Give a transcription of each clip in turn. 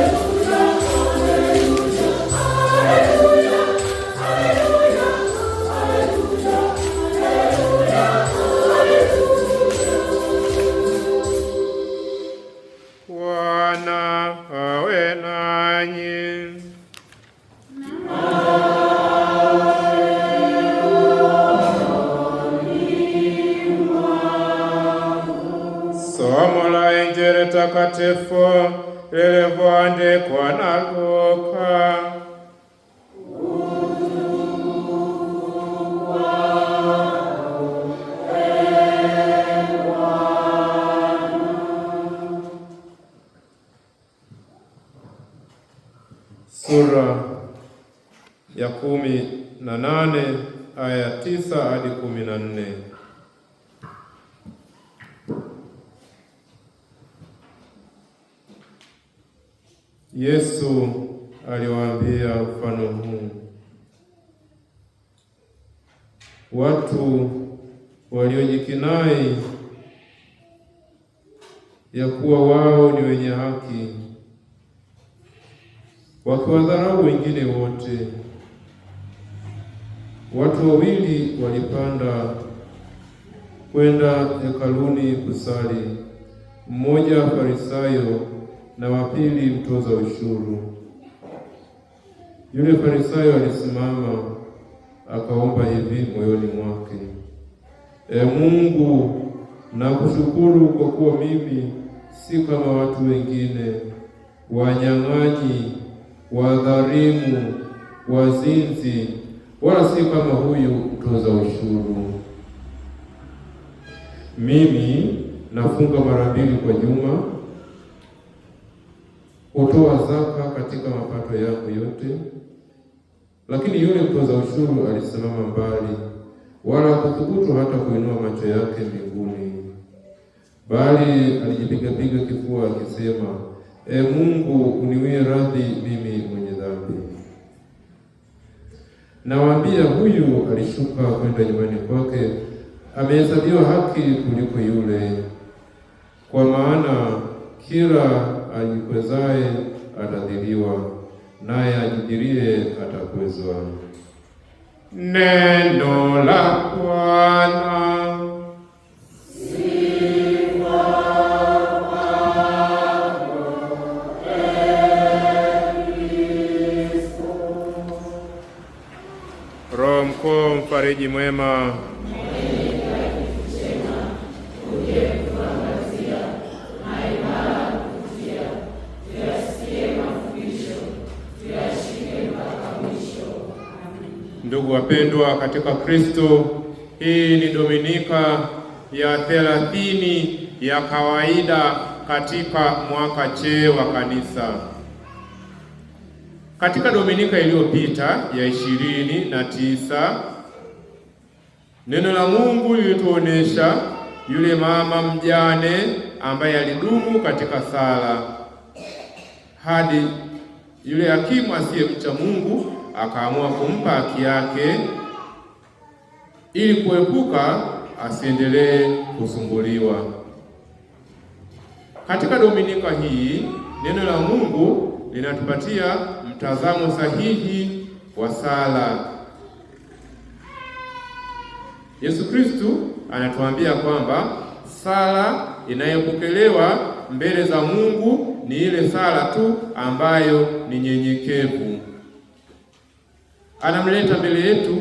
Thank you. sura ya kumi na nane aya tisa hadi kumi na nne. Yesu aliwaambia mfano huu: watu waliojikinai ya kuwa wao ni wenye haki wakiwadharau wengine wote. Watu wawili walipanda kwenda hekaluni kusali, mmoja Farisayo na wa pili mtoza ushuru. Yule Farisayo alisimama akaomba hivi moyoni mwake, E Mungu, nakushukuru kwa kuwa mimi si kama watu wengine wanyang'anyi wadharimu wazinzi, wala si kama huyu mtoza ushuru. Mimi nafunga mara mbili kwa juma, hutoa zaka katika mapato yangu yote. Lakini yule mtoza ushuru alisimama mbali, wala hakuthubutu hata kuinua macho yake mbinguni, bali alijipigapiga kifua akisema E Mungu, uniwie radhi mimi mwenye dhambi. Nawaambia, huyu alishuka kwenda nyumbani kwake amehesabiwa haki kuliko yule, kwa maana kila ajikwezaye atadhiliwa, naye ajidirie atakwezwa. Neno la Bwana. mfariji mwema Ndugu wapendwa katika Kristo, hii ni Dominika ya thelathini ya kawaida katika mwaka C wa Kanisa. Katika Dominika iliyopita ya ishirini na tisa Neno la Mungu lilituonesha yule mama mjane ambaye alidumu katika sala hadi yule hakimu asiyemcha Mungu akaamua kumpa haki yake ili kuepuka asiendelee kusumbuliwa. Katika Dominika hii neno la Mungu linatupatia mtazamo sahihi wa sala. Yesu Kristu anatuambia kwamba sala inayopokelewa mbele za Mungu ni ile sala tu ambayo ni nyenyekevu. Anamleta mbele yetu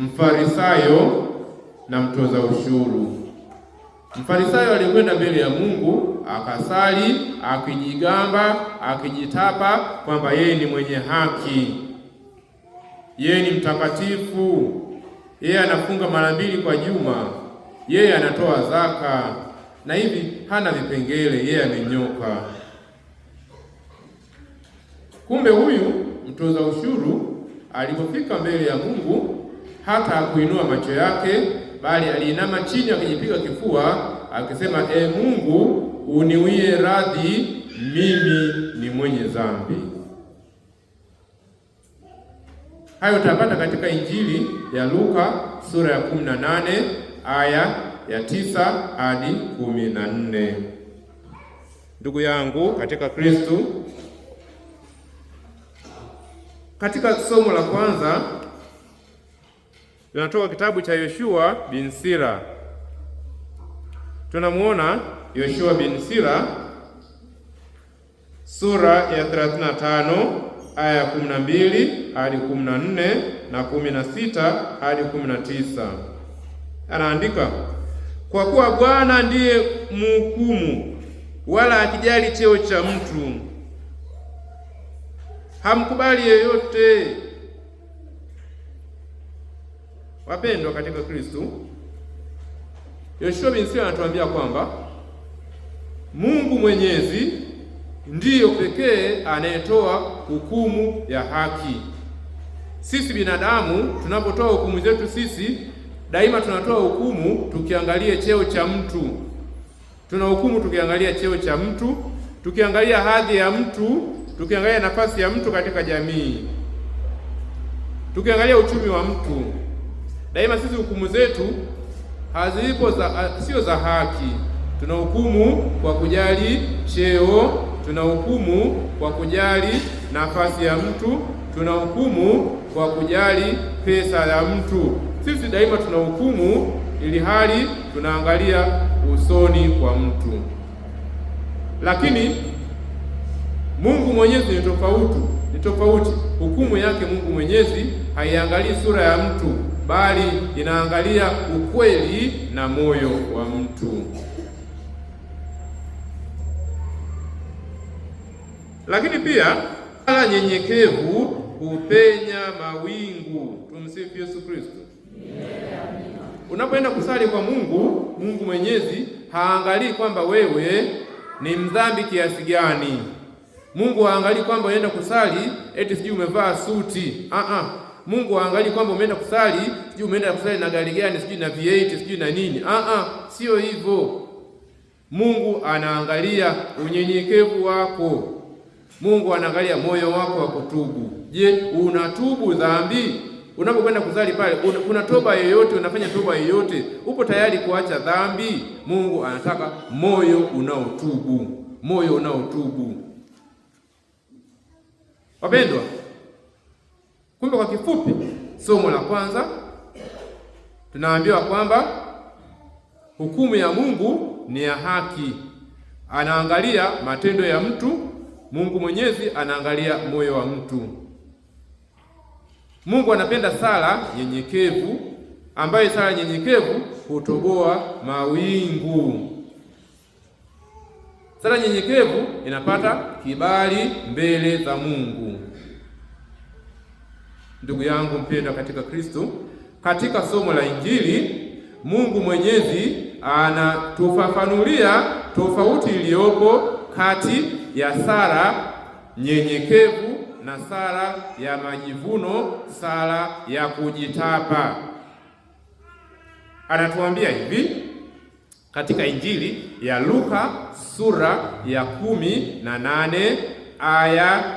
Mfarisayo na mtoza ushuru. Mfarisayo alikwenda mbele ya Mungu akasali, akijigamba, akijitapa kwamba yeye ni mwenye haki, yeye ni mtakatifu yeye anafunga mara mbili kwa juma, yeye anatoa zaka, na hivi hana vipengele, yeye amenyoka. Kumbe huyu mtoza ushuru alipofika mbele ya Mungu hata hakuinua macho yake, bali aliinama chini akijipiga kifua akisema, E Mungu, uniwie radhi, mimi ni mwenye dhambi. Hayo utapata katika Injili ya Luka sura ya 18 aya ya tisa hadi kumi na nne. Ndugu yangu katika kristu katika somo la kwanza tunatoka kitabu cha Yoshua bin Sira. Tunamuona Yoshua bin Sira sura ya 35 aya ya kumi na mbili hadi kumi na nne na kumi na sita hadi kumi na tisa anaandika kwa kuwa Bwana ndiye mhukumu, wala akijali cheo cha mtu, hamkubali yeyote. Wapendwa katika Kristo, Yoshua bin Sira anatuambia kwamba Mungu Mwenyezi ndiyo pekee anayetoa hukumu ya haki. Sisi binadamu tunapotoa hukumu zetu sisi, daima tunatoa hukumu tukiangalia cheo cha mtu, tuna hukumu tukiangalia cheo cha mtu, tukiangalia hadhi ya mtu, tukiangalia nafasi ya mtu katika jamii, tukiangalia uchumi wa mtu. Daima sisi hukumu zetu hazipo za, sio za haki. Tunahukumu kwa kujali cheo tunahukumu kwa kujali nafasi ya mtu, tunahukumu kwa kujali pesa ya mtu. Sisi daima tunahukumu ili hali tunaangalia usoni kwa mtu, lakini Mungu Mwenyezi ni tofauti, ni tofauti. Hukumu yake Mungu Mwenyezi haiangalii sura ya mtu, bali inaangalia ukweli na moyo wa mtu. pia ala nyenyekevu hupenya mawingu. Tumsifu Yesu Kristo. Unapoenda kusali kwa Mungu, Mungu Mwenyezi haangalii kwamba wewe ni mdhambi kiasi gani. Mungu haangalii kwamba unaenda kusali eti sijui umevaa suti. Ah ah. Mungu haangalii kwamba umeenda kusali sijui umeenda kusali na gari gani, sijui na V8, sijui na nini. Ah ah, sio hivyo. Mungu anaangalia unyenyekevu wako. Mungu anaangalia moyo wako wa kutubu. Je, unatubu dhambi? Unapokwenda kuzali pale, una toba yoyote? Unafanya toba yoyote? Upo tayari kuacha dhambi? Mungu anataka moyo unaotubu, moyo unaotubu. Wapendwa, kumbe kwa kifupi, somo la kwanza tunaambiwa kwamba hukumu ya Mungu ni ya haki, anaangalia matendo ya mtu Mungu Mwenyezi anaangalia moyo wa mtu. Mungu anapenda sala nyenyekevu, ambayo sala nyenyekevu hutoboa mawingu. Sala nyenyekevu inapata kibali mbele za Mungu. Ndugu yangu mpendwa katika Kristo, katika somo la Injili Mungu Mwenyezi anatufafanulia tofauti iliyopo kati ya sala nyenyekevu na sala ya majivuno, sala ya kujitapa. Anatuambia hivi katika Injili ya Luka sura ya kumi na nane aya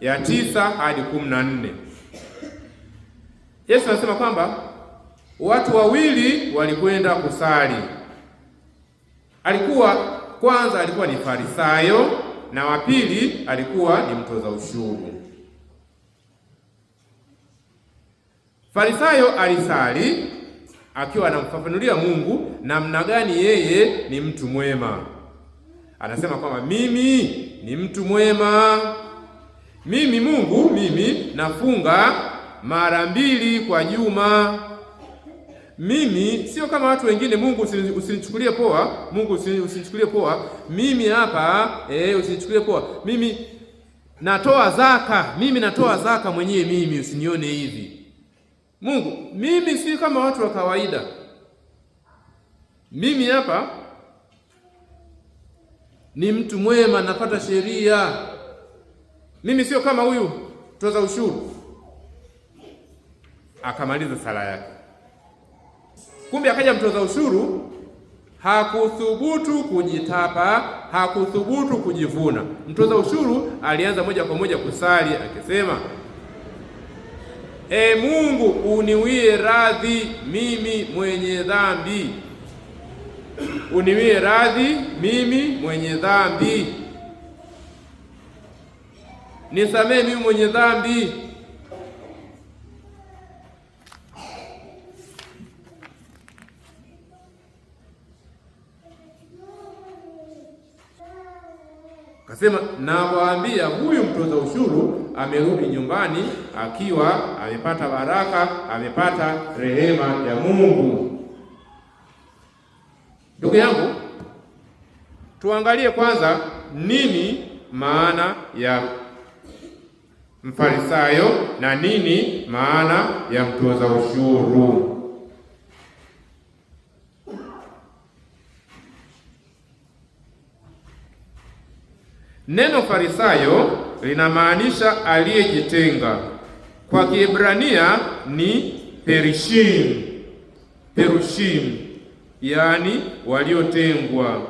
ya tisa hadi kumi na nne. Yesu anasema kwamba watu wawili walikwenda kusali. Alikuwa kwanza alikuwa ni Farisayo na wa pili alikuwa ni mtoza ushuru. Farisayo alisali akiwa anamfafanulia Mungu namna gani yeye ni mtu mwema. Anasema kwamba mimi ni mtu mwema, mimi Mungu, mimi nafunga mara mbili kwa juma mimi sio kama watu wengine. Mungu usinichukulie poa, Mungu usinichukulie poa. Mimi hapa eh, usinichukulie poa. Mimi natoa zaka, mimi natoa zaka mwenyewe, mimi usinione hivi. Mungu, mimi si kama watu wa kawaida. Mimi hapa ni mtu mwema, napata sheria. Mimi sio kama huyu toza ushuru. Akamaliza sala yake. Kumbe akaja mtoza ushuru, hakuthubutu kujitapa, hakuthubutu kujivuna. Mtoza ushuru alianza moja kwa moja kusali akisema, E Mungu, uniwie radhi mimi mwenye dhambi, uniwie radhi mimi mwenye dhambi, nisamee mimi mwenye dhambi Akasema, nawaambia huyu mtoza ushuru amerudi nyumbani akiwa amepata baraka, amepata rehema ya Mungu. Ndugu yangu, tuangalie kwanza nini maana ya mfarisayo na nini maana ya mtoza ushuru. Neno farisayo linamaanisha aliyejitenga, kwa Kiebrania ni perishim, perushim, yaani waliotengwa.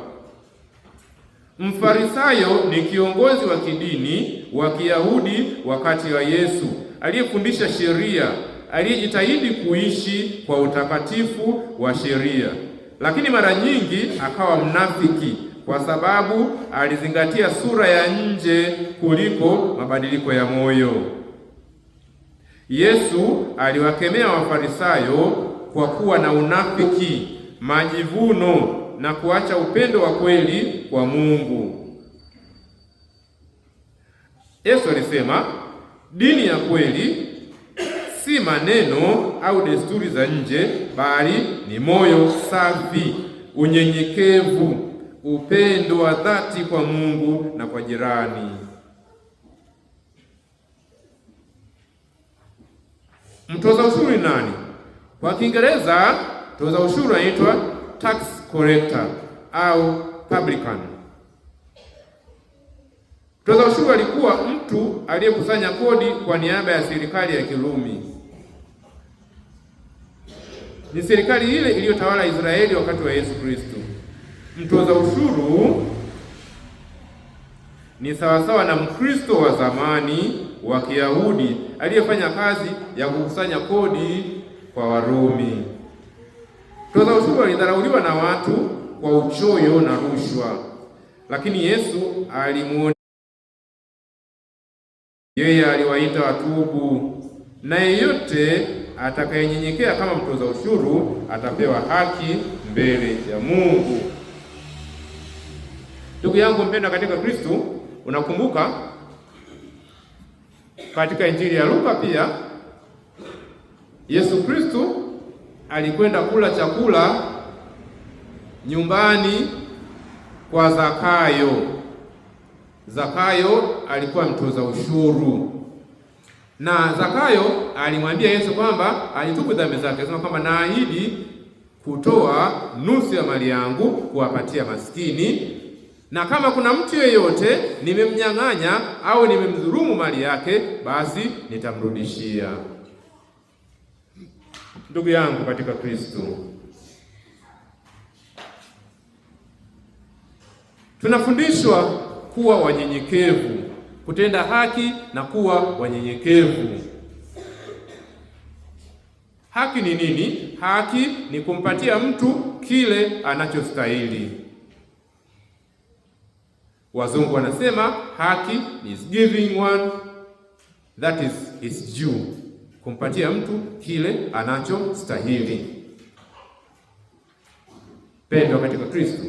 Mfarisayo ni kiongozi wa kidini wa Kiyahudi wakati wa Yesu, aliyefundisha sheria, aliyejitahidi kuishi kwa utakatifu wa sheria, lakini mara nyingi akawa mnafiki kwa sababu alizingatia sura ya nje kuliko mabadiliko ya moyo. Yesu aliwakemea Wafarisayo kwa kuwa na unafiki, majivuno na kuacha upendo wa kweli kwa Mungu. Yesu alisema dini ya kweli si maneno au desturi za nje, bali ni moyo safi, unyenyekevu upendo wa dhati kwa Mungu na kwa jirani. Mtoza ushuru ni nani? Kwa Kiingereza mtoza ushuru anaitwa tax collector au publican. Mtoza ushuru alikuwa mtu aliyekusanya kodi kwa niaba ya serikali ya Kirumi. Ni serikali ile iliyotawala Israeli wakati wa Yesu Kristo mtoza ushuru ni sawasawa na Mkristo wa zamani wa Kiyahudi aliyefanya kazi ya kukusanya kodi kwa Warumi. Mtoza ushuru alidharauliwa na watu kwa uchoyo na rushwa, lakini Yesu alimuona yeye, aliwaita watubu, na yeyote atakayenyenyekea kama mtoza ushuru atapewa haki mbele ya Mungu. Ndugu yangu mpendwa katika Kristo, unakumbuka katika Injili ya Luka pia Yesu Kristo alikwenda kula chakula nyumbani kwa Zakayo. Zakayo alikuwa mtoza ushuru, na Zakayo alimwambia Yesu kwamba alitubu dhambi zake, akasema kwamba naahidi kutoa nusu ya mali yangu kuwapatia maskini na kama kuna mtu yeyote nimemnyang'anya au nimemdhulumu mali yake, basi nitamrudishia. Ndugu yangu katika Kristo, tunafundishwa kuwa wanyenyekevu, kutenda haki na kuwa wanyenyekevu. Haki ni nini? Haki ni kumpatia mtu kile anachostahili. Wazungu wanasema haki is giving one that is his due, kumpatia mtu kile anachostahili. Pendwa katika Kristo,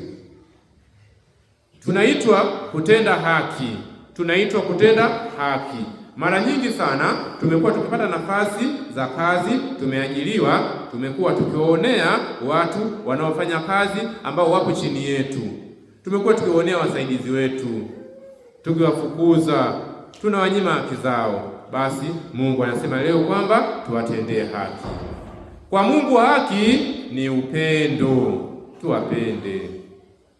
tunaitwa kutenda haki, tunaitwa kutenda haki. Mara nyingi sana tumekuwa tukipata nafasi za kazi, tumeajiriwa, tumekuwa tukionea watu wanaofanya kazi ambao wapo chini yetu Tumekuwa tukiwaonea wasaidizi wetu, tukiwafukuza, tunawanyima haki zao. Basi Mungu anasema leo kwamba tuwatendee haki. Kwa Mungu haki ni upendo, tuwapende.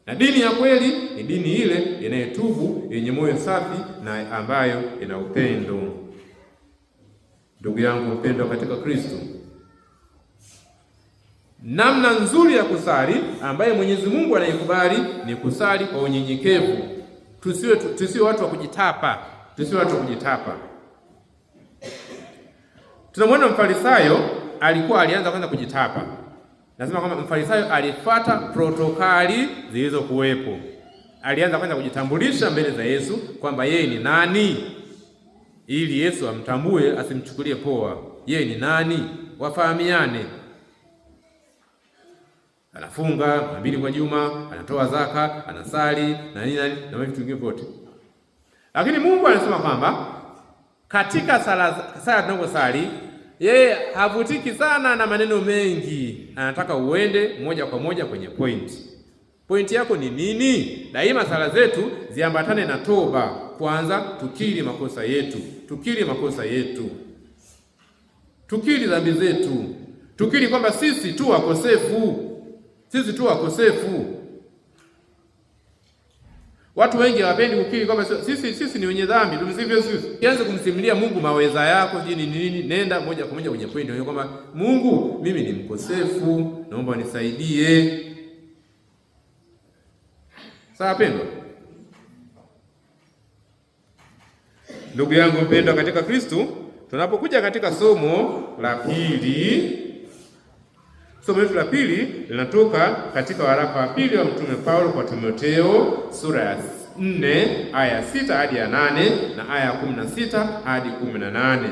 Na dini ya kweli ni dini ile inayetubu, yenye moyo safi na ambayo ina upendo. Ndugu yangu mpendwa katika Kristo Namna nzuri ya kusali ambaye Mwenyezi Mungu anaikubali ni kusali kwa unyenyekevu. Tusiwe tusiwe watu wa kujitapa, tusiwe watu wa kujitapa. Tunamwona Mfarisayo alikuwa alianza kwanza kujitapa. Nasema kwamba Mfarisayo alifuata protokali zilizokuwepo. Alianza kwanza kujitambulisha mbele za Yesu kwamba yeye ni nani, ili Yesu amtambue, asimchukulie poa. Yeye ni nani, wafahamiane anafunga mara mbili kwa juma, anatoa zaka, anasali na nini na vitu vingine vyote. Lakini Mungu anasema kwamba katika sala sala tunazosali yeye havutiki sana na maneno mengi, anataka uende moja kwa moja kwenye point. Pointi yako ni nini? Daima sala zetu ziambatane na toba. Kwanza tukiri makosa yetu, tukiri makosa yetu, tukiri dhambi zetu, tukiri kwamba sisi tu wakosefu sisi tu wakosefu. Watu wengi hawapendi kukiri kwamba sisi sisi ni wenye dhambi, tumsifie sisi. Kianze kumsimulia Mungu maweza yako jini ni nini, nenda moja kwa moja kwenye pointi hiyo kwamba Mungu, mimi ni mkosefu, naomba unisaidie. Sawa pendwa, ndugu yangu mpendwa katika Kristo, tunapokuja katika somo la pili Somo letu la pili linatoka katika waraka wa pili wa Mtume Paulo kwa Timotheo sura ya 4 aya ya sita hadi ya nane na aya ya sita hadi kumi na nane.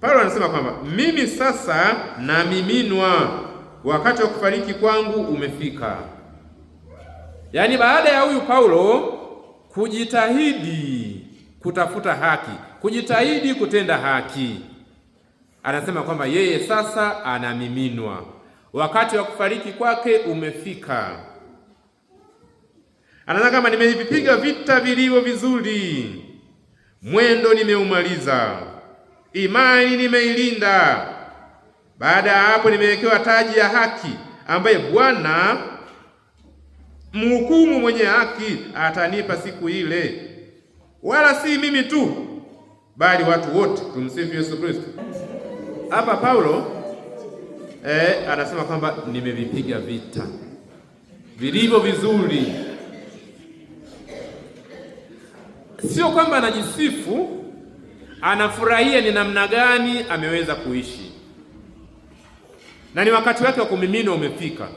Paulo anasema kwamba mimi sasa namiminwa, wakati wa kufariki kwangu umefika. Yaani baada ya huyu Paulo kujitahidi kutafuta haki, kujitahidi kutenda haki anasema kwamba yeye sasa anamiminwa, wakati wa kufariki kwake umefika. Anaona kama nimevipiga vita vilivyo vizuri, mwendo nimeumaliza, imani nimeilinda. Baada ya hapo, nimewekewa taji ya haki ambaye Bwana mhukumu mwenye haki atanipa siku ile, wala si mimi tu, bali watu wote. Tumsifu Yesu Kristo hapa Paulo eh, anasema kwamba nimevipiga vita vilivyo vizuri. Sio kwamba anajisifu, anafurahia ni namna gani ameweza kuishi, na ni wakati wake wa kumiminwa umefika.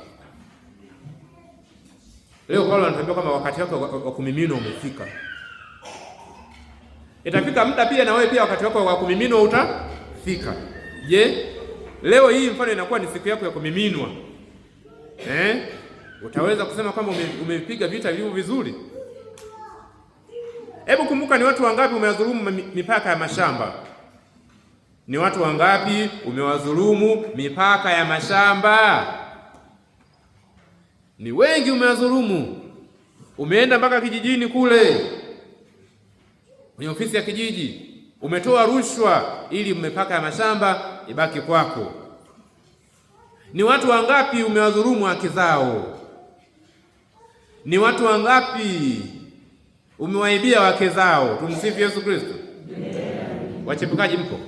Leo Paulo anatuambia kwamba wakati wake wa kumiminwa umefika. Itafika muda pia na wewe pia wakati wako wa kumiminwa utafika. Je, leo hii mfano inakuwa ni siku yako ya kumiminwa eh? Utaweza kusema kwamba umevipiga vita vilivyo vizuri? Hebu kumbuka, ni watu wangapi umewadhulumu mipaka ya mashamba? Ni watu wangapi umewadhulumu mipaka ya mashamba? Ni wengi umewadhulumu, umeenda mpaka kijijini kule kwenye ofisi ya kijiji umetoa rushwa ili mipaka ya mashamba ibaki kwako. Ni watu wangapi umewadhulumu haki zao? Ni watu wangapi umewaibia wake zao? Tumsifu Yesu Kristo. Wachepukaji mpo?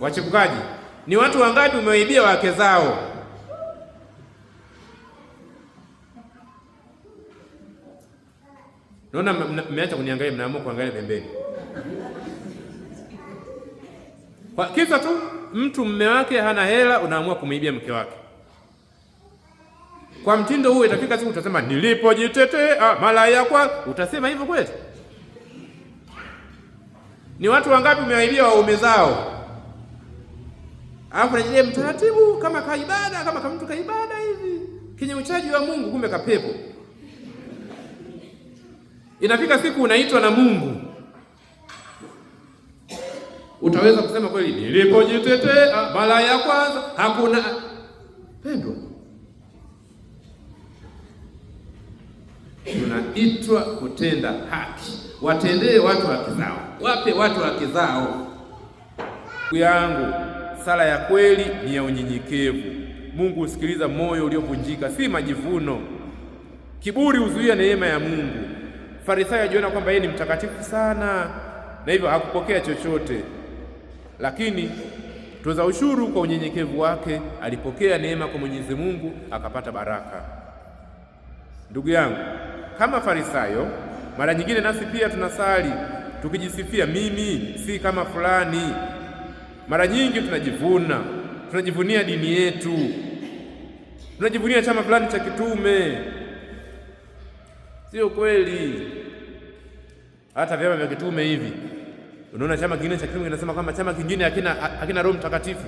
Wachepukaji, ni watu wangapi umewaibia wake zao? Naona mmeacha kuniangalia, mnaamua kuangalia pembeni. Kwa kisa tu mtu mme wake hana hela, unaamua kumuibia mke wake. Kwa mtindo huu itafika siku utasema nilipojitetea mara ya utasema hivyo kweli? Ni watu wangapi umewaibia waume zao? Alafu naje mtaratibu kama kaibada kama kamtu kaibada hivi kenye uchaji wa Mungu, kumbe kapepo. Inafika siku unaitwa na Mungu Utaweza kusema kweli, nilipojitetea mara ya kwanza hakuna pendwa. Tunaitwa kutenda haki, watendee watu haki zao, wape watu haki zao. yangu sala ya kweli ni ya unyenyekevu. Mungu husikiliza moyo uliovunjika, si majivuno. Kiburi huzuia neema ya Mungu. Farisayo ajiona kwamba yeye ni mtakatifu sana, na hivyo hakupokea chochote. Lakini mtoza ushuru kwa unyenyekevu wake alipokea neema kwa Mwenyezi Mungu akapata baraka. Ndugu yangu, kama Farisayo, mara nyingine nasi pia tunasali tukijisifia, mimi si kama fulani. Mara nyingi tunajivuna, tunajivunia dini yetu, tunajivunia chama fulani cha kitume. Sio kweli. Hata vyama vya kitume hivi Unaona, chama kingine cha kiume kinasema kwamba chama kingine hakina hakina Roho Mtakatifu,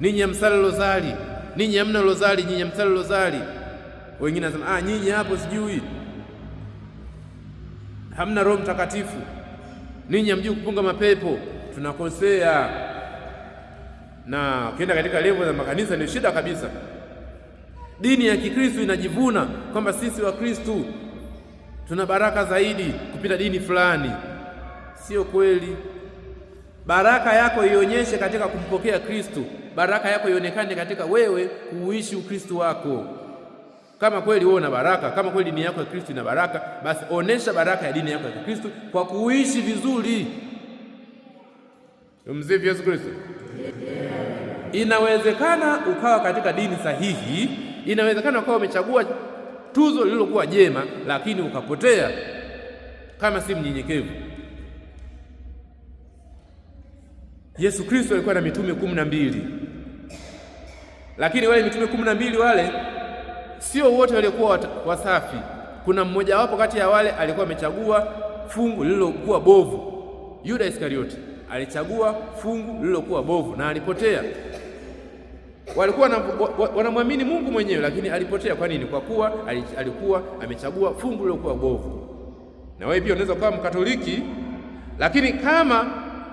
ninyi msali lozali, ninyi hamna lozali, ninyi msali lozali. Wengine wanasema ah, nyinyi hapo sijui hamna Roho Mtakatifu, ninyi hamjui kupunga mapepo. Tunakosea, na ukienda katika levo za makanisa ni shida kabisa. Dini ya Kikristo inajivuna kwamba sisi Kristo tuna baraka zaidi kupita dini fulani. Sio kweli. Baraka yako ionyeshe katika kumpokea Kristu, baraka yako ionekane katika wewe kuuishi Ukristu wako. Kama kweli wewe una baraka, kama kweli dini yako ya Kristu ina baraka, basi onesha baraka ya dini yako ya Kristu kwa kuishi vizuri. Tumsifu Yesu Kristo. Inawezekana ukawa katika dini sahihi, inawezekana ukawa umechagua tuzo lililokuwa jema, lakini ukapotea kama si mnyenyekevu. Yesu Kristo alikuwa na mitume kumi na mbili, lakini wale mitume kumi na mbili wale sio wote waliokuwa wasafi. Kuna mmojawapo kati ya wale alikuwa amechagua fungu lililokuwa bovu. Yuda Iskarioti alichagua fungu lililokuwa bovu na alipotea. Walikuwa wanamwamini Mungu mwenyewe, lakini alipotea. Kwa nini? Kwa kuwa alikuwa amechagua fungu lililokuwa bovu. Na wewe pia unaweza kuwa Mkatoliki, lakini kama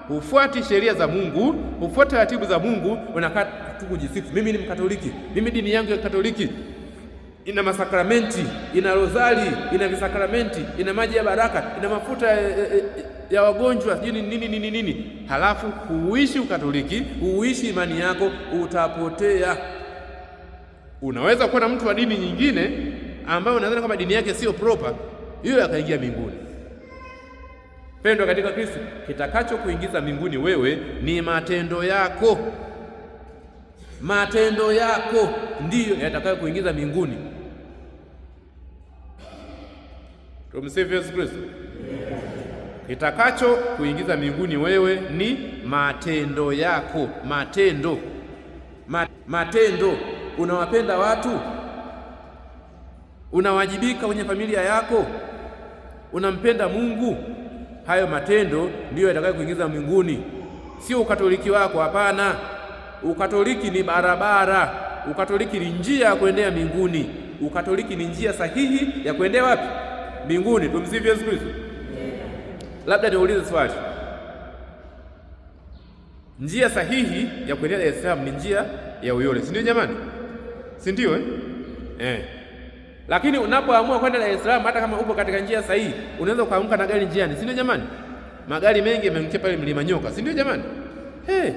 hufuati sheria za Mungu, hufuati taratibu za Mungu, unakaa tu kujisifu, mimi ni Mkatoliki, mimi dini yangu ya Katoliki ina masakramenti, ina rozari, ina visakramenti, ina maji ya baraka, ina mafuta ya, eh, ya, eh, eh, ya wagonjwa, sijui nini nini nini. Halafu huishi Ukatoliki, huishi imani yako, utapotea. Unaweza kuwa na mtu wa dini nyingine ambayo unadhani kwamba dini yake sio proper, yule akaingia mbinguni. Pendwa katika Kristo, kitakachokuingiza mbinguni wewe ni matendo yako. Matendo yako ndiyo yatakayokuingiza mbinguni. Tumsifu Yesu Kristo. Kitakacho kuingiza mbinguni wewe ni matendo yako. Matendo, matendo. Unawapenda watu? Unawajibika kwenye familia yako? Unampenda Mungu? hayo matendo ndiyo kuingiza mbinguni, sio ukatoliki wako. Hapana, ukatoliki ni barabara, ukatoliki ni njia ya kuendea mbinguni, ukatoliki ni njia sahihi ya kuendea wapi? Mbinguni. Tumsifu Yesu Kristo. Labda niulize swali, njia sahihi ya kuendea Dar es Salaam ni njia ya Uyole, si ndio jamani? Si ndio eh? Eh. Lakini unapoamua kwenda Dar es Salaam, hata kama upo katika njia sahihi, unaweza ukaamka na gari njiani, si ndio jamani? Magari mengi yameangukia pale mlima Nyoka, si ndio jamani? He,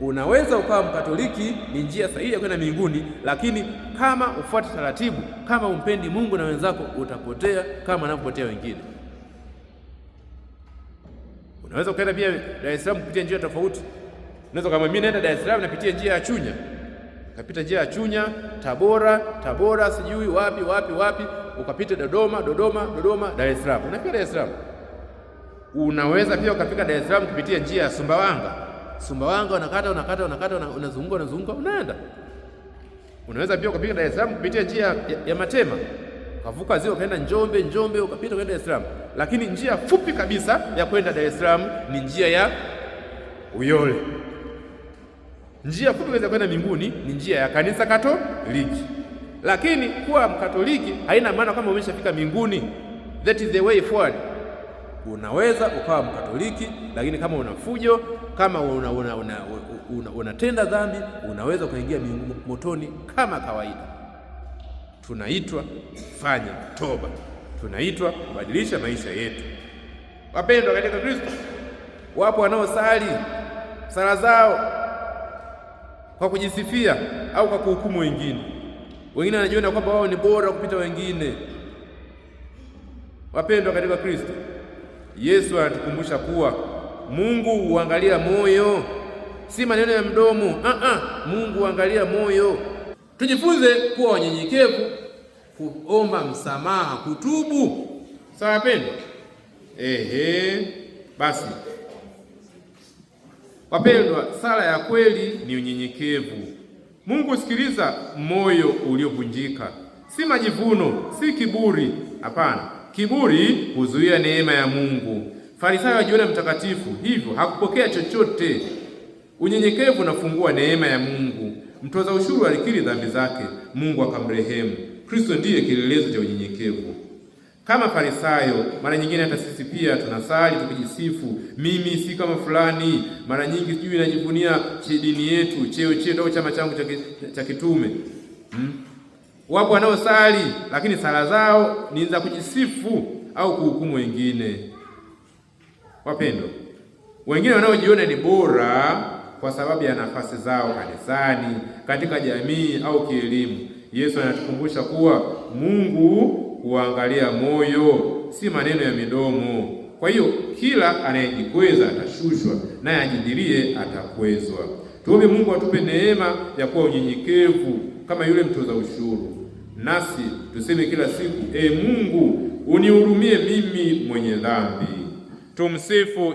unaweza ukawa Mkatoliki, ni njia sahihi ya kwenda mbinguni, lakini kama ufuate taratibu, kama umpendi Mungu na wenzako, utapotea kama wanavyopotea wengine. Unaweza ukaenda pia Dar es Salaam kupitia njia tofauti. Unaweza kama mimi naenda Dar es Salaam napitia njia ya Chunya ukapita njia ya Chunya, Tabora, Tabora sijui wapi wapi wapi, ukapita Dodoma, Dodoma, Dodoma, Dar es Salaam. Unafika Dar es Salaam. Unaweza pia ukafika Dar es Salaam kupitia njia ya Sumbawanga. Sumbawanga unakata unakata unakata unazunguka unazunguka unaenda. Unaweza pia ukapita Dar es Salaam kupitia njia ya, ya Matema. Ukavuka ziwa ukaenda Njombe, Njombe ukapita ukaenda Dar es Salaam. Lakini njia fupi kabisa ya kwenda Dar es Salaam ni njia ya Uyole. Njia fupi kuweza kwenda mbinguni ni njia ya kanisa Katoliki, lakini kuwa Mkatoliki haina maana kwamba umeshafika mbinguni. That is the way forward. Unaweza ukawa Mkatoliki, lakini kama una fujo, kama unatenda una, una, una, una, una dhambi, unaweza ukaingia motoni kama kawaida. Tunaitwa kufanya toba, tunaitwa kubadilisha maisha yetu. Wapendwa katika Kristo, wapo wanaosali sala zao kwa kujisifia au kwa kuhukumu wengine. Wengine wanajiona kwamba wao ni bora kupita wengine. Wapendwa katika Kristo, Yesu anatukumbusha kuwa Mungu huangalia moyo, si maneno ya mdomo. Ah ah, Mungu huangalia moyo. Tujifunze kuwa wanyenyekevu, kuomba msamaha, kutubu. Sawa wapendwa? Ehe, basi Wapendwa, sala ya kweli ni unyenyekevu. Mungu sikiliza moyo uliovunjika, si majivuno, si kiburi. Hapana, kiburi huzuia neema ya Mungu. Farisayo ajiona mtakatifu, hivyo hakupokea chochote. Unyenyekevu unafungua neema ya Mungu. Mtoza ushuru alikiri dhambi zake, Mungu akamrehemu. Kristo ndiye kielelezo cha unyenyekevu kama Farisayo. Mara nyingine hata sisi pia tunasali tukijisifu, mimi si kama fulani. Mara nyingi sijui najivunia dini yetu, cheo chetu au chama changu cha kitume hmm? Wapo wanaosali lakini sala zao ni za kujisifu au kuhukumu wengine. Wapendwa, wengine wanaojiona ni bora kwa sababu ya nafasi zao kanisani, katika jamii au kielimu. Yesu anatukumbusha kuwa Mungu huangalia moyo, si maneno ya midomo. Kwa hiyo kila anayejikweza atashushwa, naye ajidilie atakwezwa. Tuombe Mungu atupe neema ya kuwa unyenyekevu kama yule mtoza ushuru, nasi tuseme kila siku, e Mungu unihurumie mimi mwenye dhambi. Tumsifu